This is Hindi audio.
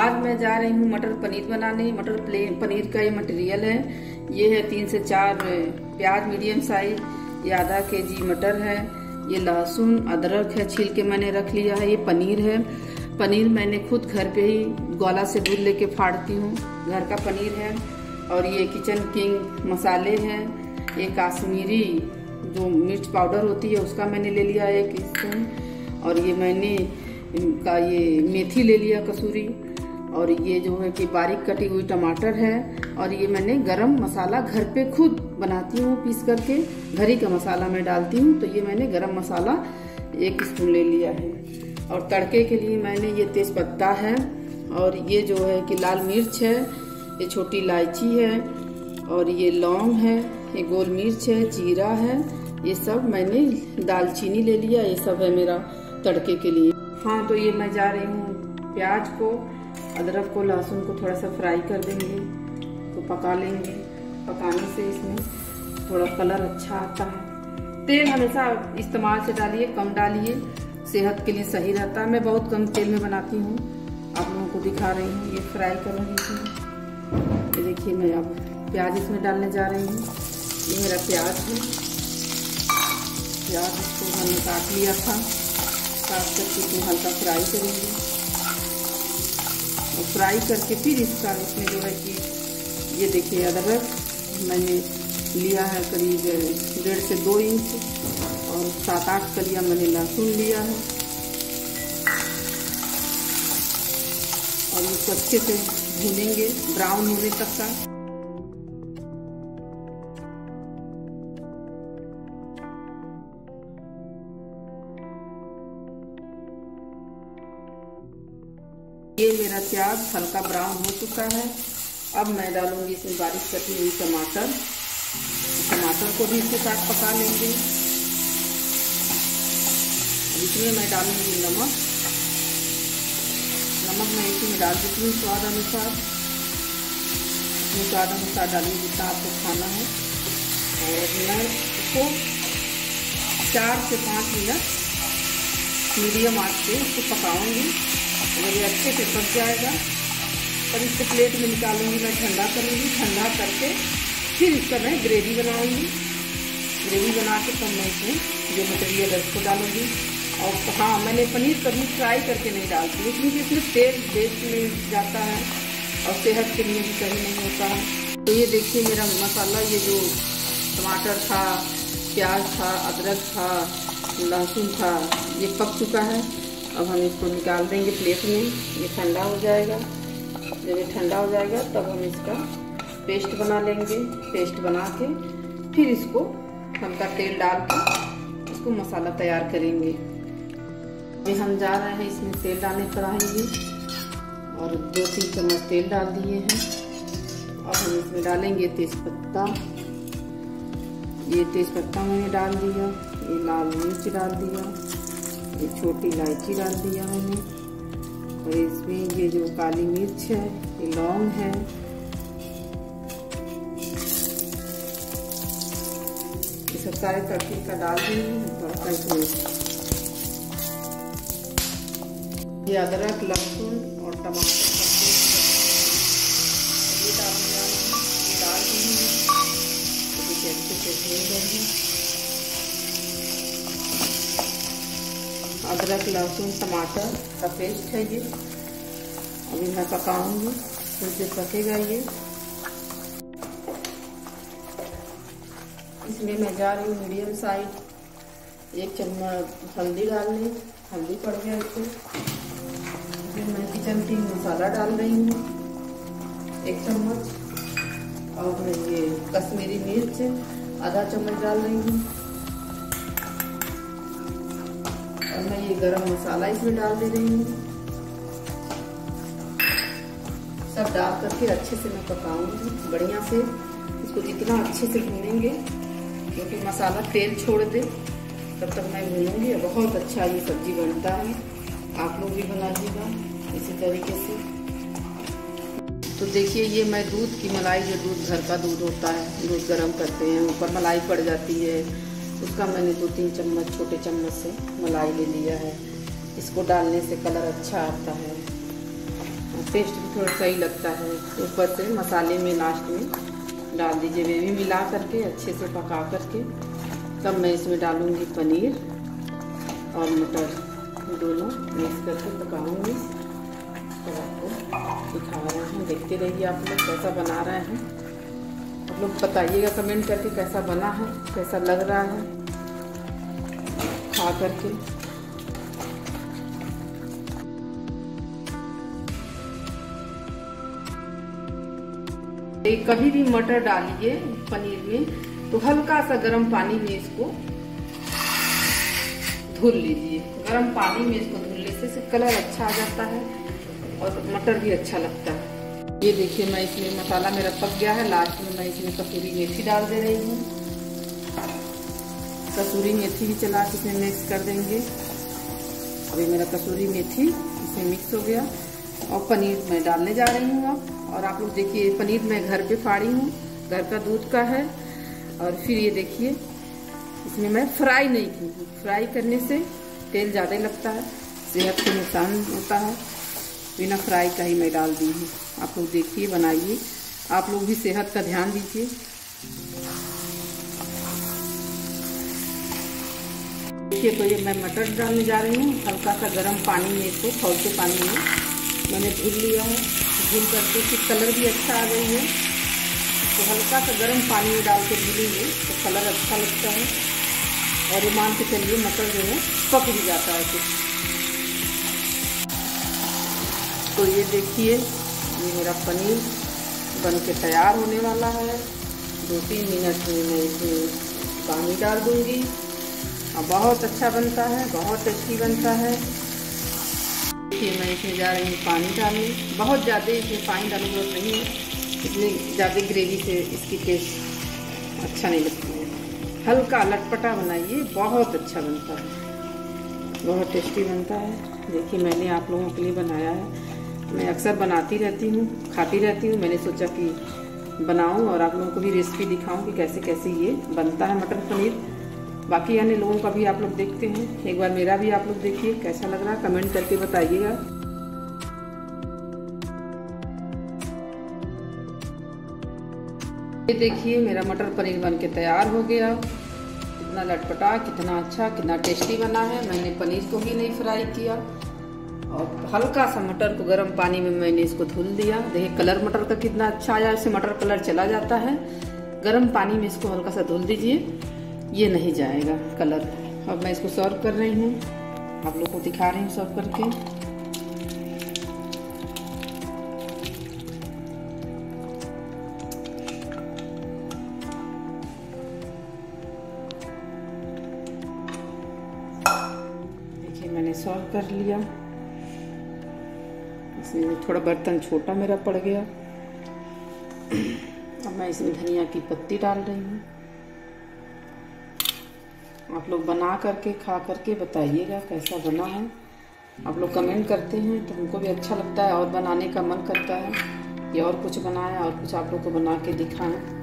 आज मैं जा रही हूँ मटर पनीर बनाने मटर पनीर का ये मटेरियल है ये है तीन से चार प्याज मीडियम साइज ये आधा के जी मटर है ये लहसुन अदरक है छील के मैंने रख लिया है ये पनीर है पनीर मैंने खुद घर पे ही गोला से दूध लेके फाड़ती हूँ घर का पनीर है और ये किचन किंग मसाले हैं ये काश्मीरी जो मिर्च पाउडर होती है उसका मैंने ले लिया है एक स्पून और ये मैंने का ये मेथी ले लिया कसूरी और ये जो है कि बारीक कटी हुई टमाटर है और ये मैंने गरम मसाला घर पे खुद बनाती हूँ पीस करके घर ही का मसाला मैं डालती हूँ तो ये मैंने गरम मसाला एक स्पून ले लिया है और तड़के के लिए मैंने ये तेज पत्ता है और ये जो है कि लाल मिर्च है ये छोटी इलायची है और ये लौंग है ये गोल मिर्च है जीरा है ये सब मैंने दालचीनी ले लिया ये सब है मेरा तड़के के लिए हाँ तो ये मैं जा रही हूँ प्याज को अदरक को लहसुन को थोड़ा सा फ्राई कर देंगे तो पका लेंगे पकाने से इसमें थोड़ा कलर अच्छा आता है तेल हमेशा इस्तेमाल से डालिए कम डालिए सेहत के लिए सही रहता है मैं बहुत कम तेल में बनाती हूँ आप लोगों को दिखा रही हूँ ये फ्राई कर रही थी ये देखिए मैं अब प्याज इसमें डालने जा रही हूँ ये मेरा प्याज है प्याज इसको हमने काट लिया था काट करके इसमें हल्का फ्राई करेंगे और फ्राई करके फिर इसका उसमें जो है कि ये देखिए अदरक मैंने लिया है करीब डेढ़ से दो इंच और सात आठ कलिया मैंने लहसुन लिया है और इसको अच्छे से भूनेंगे ब्राउन होने तक का ये मेरा प्याज हल्का ब्राउन हो चुका है अब मैं डालूंगी इसमें बारिश कटी हुई टमाटर टमाटर को भी इसके साथ पका लेंगे इसमें मैं डालूंगी नमक नमक मैं इसमें डाल देती हूँ स्वाद अनुसार स्वाद अनुसार डालूंगी जितना आपको खाना है और मैं इसको चार से पाँच मिनट मीडियम आँच पे इसको पकाऊंगी और ये अच्छे से पक जाएगा और इसे प्लेट में निकालूंगी मैं ठंडा करूँगी ठंडा करके फिर इसका मैं ग्रेवी बनाऊँगी ग्रेवी बना के तब तो मैं इसमें जो मटेरियल है उसको डालूंगी और हाँ मैंने पनीर कभी फ्राई करके नहीं डालती क्योंकि इसमें तेल वेस्ट में जाता है और सेहत के लिए भी सही नहीं होता है तो ये देखिए मेरा मसाला ये जो टमाटर था प्याज था अदरक था लहसुन था ये पक चुका है अब हम इसको निकाल देंगे प्लेट में ये ठंडा हो जाएगा जब ये ठंडा हो जाएगा तब हम इसका पेस्ट बना लेंगे पेस्ट बना के फिर इसको हल्का तेल डाल कर इसको मसाला तैयार करेंगे अभी हम जा रहे हैं इसमें तेल डालने कढ़ाई में और दो तीन चम्मच तेल डाल दिए हैं अब हम इसमें डालेंगे तेज़पत्ता ये तेज़पत्ता मैंने डाल दिया ये लाल मिर्च डाल दिया ये छोटी इलायची डाल दिया मैंने और इसमें ये जो काली मिर्च है ये लौंग है ये सब सारे तड़के का डाल दूंगी थोड़ा ये अदरक लहसुन और टमाटर ये डाल डाल है अच्छे से भून देंगे अदरक लहसुन टमाटर का पेस्ट है ये अभी मैं पकाऊंगी फिर से पकेगा ये इसमें मैं जा रही हूँ मीडियम साइज एक चम्मच हल्दी डालने हल्दी पड़ गया इसको फिर मैं किचन की मसाला डाल रही हूँ एक चम्मच और ये कश्मीरी मिर्च आधा चम्मच डाल रही हूँ मैं ये गरम मसाला इसमें डाल दे रही हूँ सब डाल करके अच्छे से मैं पकाऊंगी बढ़िया से इसको जितना अच्छे से भूनेंगे क्योंकि मसाला तेल छोड़ दे तब तक मैं भूनूंगी बहुत अच्छा ये सब्जी बनता है आप लोग भी बना बनाइएगा इसी तरीके से तो देखिए ये मैं दूध की मलाई जो दूध घर का दूध होता है दूध गर्म करते हैं ऊपर मलाई पड़ जाती है उसका मैंने दो तीन चम्मच छोटे चम्मच से मलाई ले लिया है इसको डालने से कलर अच्छा आता है टेस्ट भी थोड़ा सही लगता है ऊपर से मसाले में लास्ट में डाल दीजिए वे भी मिला करके अच्छे से पका करके तब मैं इसमें डालूँगी पनीर और मटर दोनों मिक्स करके पकाऊँगी तो आपको दिखा रहे हैं देखते रहिए आप लोग कैसा बना रहे हैं लोग बताइएगा कमेंट करके कैसा बना है कैसा लग रहा है खा करके कभी भी मटर डालिए पनीर में तो हल्का सा गर्म पानी में इसको धुल लीजिए गर्म पानी में इसको धुलने से कलर अच्छा आ जाता है और मटर भी अच्छा लगता है ये देखिए मैं इसमें मसाला मेरा पक गया है लास्ट में मैं इसमें कसूरी मेथी डाल दे रही हूँ कसूरी मेथी भी चला के इसमें मिक्स कर देंगे अभी मेरा कसूरी मेथी इसमें मिक्स हो गया और पनीर मैं डालने जा रही हूँ अब और आप लोग देखिए पनीर मैं घर पे फाड़ी हूँ घर का दूध का है और फिर ये देखिए इसमें मैं फ्राई नहीं की हूँ फ्राई करने से तेल ज़्यादा लगता है सेहत को नुकसान होता है बिना फ्राई का ही मैं डाल दी हूँ आप लोग देखिए बनाइए आप लोग भी सेहत का ध्यान दीजिए देखिए तो ये मैं मटर डालने जा रही हूँ हल्का सा गर्म पानी में इसको खौलते पानी में मैंने भून लिया हूँ भून करके फिर कलर भी अच्छा आ गई है तो हल्का सा गर्म पानी में डाल के धुलेंगे तो कलर अच्छा लगता है और ये मान के चलिए मटर जो है पक भी जाता है तो ये देखिए ये मेरा पनीर बन के तैयार होने वाला है दो तीन मिनट में मैं इसमें पानी डाल दूँगी और बहुत अच्छा बनता है बहुत टेस्टी बनता है देखिए मैं इसमें जा रही हूँ पानी डालने बहुत ज़्यादा इसमें पानी डालने जरूरत नहीं है इतनी ज़्यादा ग्रेवी से इसकी टेस्ट अच्छा नहीं लगती है हल्का लटपटा बनाइए बहुत अच्छा बनता है बहुत टेस्टी बनता है देखिए मैंने आप लोगों के लिए बनाया है मैं अक्सर बनाती रहती हूँ खाती रहती हूँ मैंने सोचा कि बनाऊँ और आप लोगों को भी रेसिपी दिखाऊँ कि कैसे कैसे ये बनता है मटर पनीर बाकी यानी लोगों का भी आप लोग देखते हैं एक बार मेरा भी आप लोग देखिए कैसा लग रहा है कमेंट करके बताइएगा ये देखिए मेरा मटर पनीर बन के तैयार हो गया कितना लटपटा कितना अच्छा कितना टेस्टी बना है मैंने पनीर को भी नहीं फ्राई किया और हल्का सा मटर को गर्म पानी में मैंने इसको धुल दिया देखिए कलर मटर का कितना अच्छा आया इससे मटर कलर चला जाता है गर्म पानी में इसको हल्का सा धुल दीजिए ये नहीं जाएगा कलर अब मैं इसको सर्व कर रही हूँ आप लोग को दिखा रही हूँ सर्व करके मैंने सॉल्व कर लिया थोड़ा बर्तन छोटा मेरा पड़ गया अब मैं इसमें धनिया की पत्ती डाल रही हूँ आप लोग बना करके खा करके बताइएगा कैसा बना है आप लोग कमेंट करते हैं तो हमको भी अच्छा लगता है और बनाने का मन करता है कि और कुछ बनाए और कुछ आप लोग को बना के दिखाएं